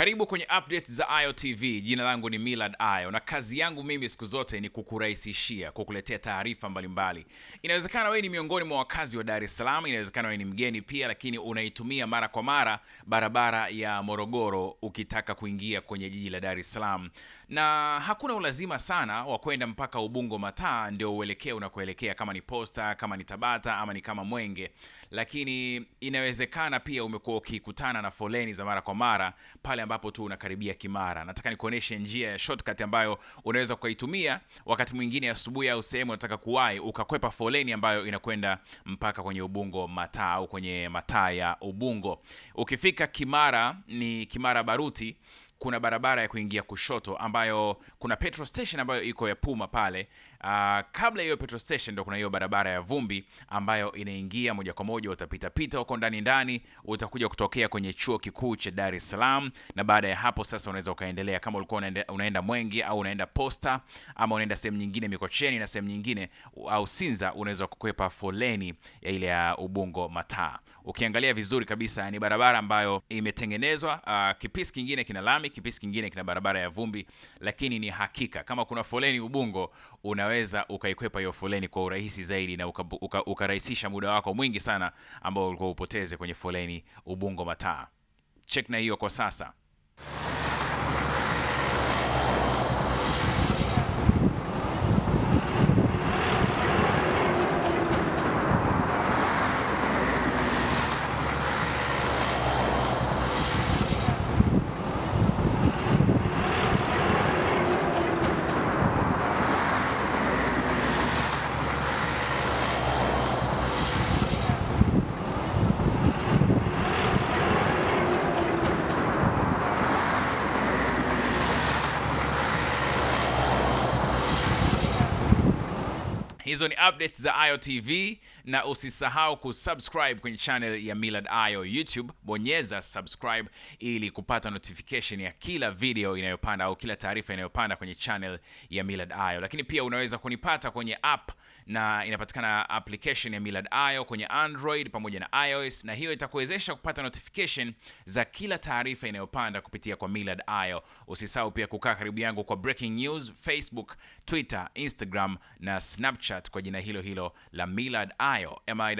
Karibu kwenye update za Ayo TV. Jina langu ni milad Ayo na kazi yangu mimi siku zote ni kukurahisishia, kukuletea taarifa mbalimbali. Inawezekana wewe ni miongoni mwa wakazi wa Dar es Salaam, inawezekana wewe ni mgeni pia, lakini unaitumia mara kwa mara barabara ya Morogoro ukitaka kuingia kwenye jiji la Dar es Salaam, na hakuna ulazima sana wa kwenda mpaka Ubungo Mataa ndio uelekee unakoelekea, kama ni Posta, kama ni Tabata ama ni kama Mwenge, lakini inawezekana pia umekuwa ukikutana na foleni za mara kwa mara pale ambapo tu unakaribia Kimara. Nataka nikuoneshe njia ya shortcut ambayo unaweza ukaitumia wakati mwingine asubuhi au sehemu unataka kuwai ukakwepa foleni ambayo inakwenda mpaka kwenye Ubungo mataa au kwenye mataa ya Ubungo. Ukifika Kimara ni Kimara Baruti kuna barabara ya kuingia kushoto ambayo kuna petrol station ambayo iko ya Puma pale. Uh, kabla hiyo petrol station ndo kuna hiyo barabara ya vumbi ambayo inaingia moja kwa moja, utapita pita huko ndani ndani, utakuja kutokea kwenye chuo kikuu cha Dar es Salaam, na baada ya hapo sasa unaweza ukaendelea kama ulikuwa unaenda, unaenda Mwenge au unaenda Posta ama unaenda sehemu nyingine Mikocheni na sehemu nyingine au Sinza, unaweza kukwepa foleni ya ile ya Ubungo mataa. Ukiangalia vizuri kabisa ni barabara ambayo imetengenezwa. Uh, kipisi kingine kina lami mbali, kipisi kingine kina barabara ya vumbi, lakini ni hakika kama kuna foleni Ubungo, unaweza ukaikwepa hiyo foleni kwa urahisi zaidi na ukarahisisha uka, uka muda wako mwingi sana ambao ulikuwa upoteze kwenye foleni Ubungo mataa. Check na hiyo kwa sasa. Hizo ni updates za Ayo TV na usisahau kusubscribe kwenye channel ya Millard Ayo YouTube, bonyeza subscribe ili kupata notification ya kila video inayopanda au kila taarifa inayopanda kwenye channel ya Millard Ayo. Lakini pia unaweza kunipata kwenye app na inapatikana application ya Millard Ayo kwenye Android pamoja na iOS, na hiyo itakuwezesha kupata notification za kila taarifa inayopanda kupitia kwa Millard Ayo. Usisahau pia kukaa karibu yangu kwa breaking news, Facebook, Twitter, Instagram na Snapchat kwa jina hilo hilo la Millard Ayo M I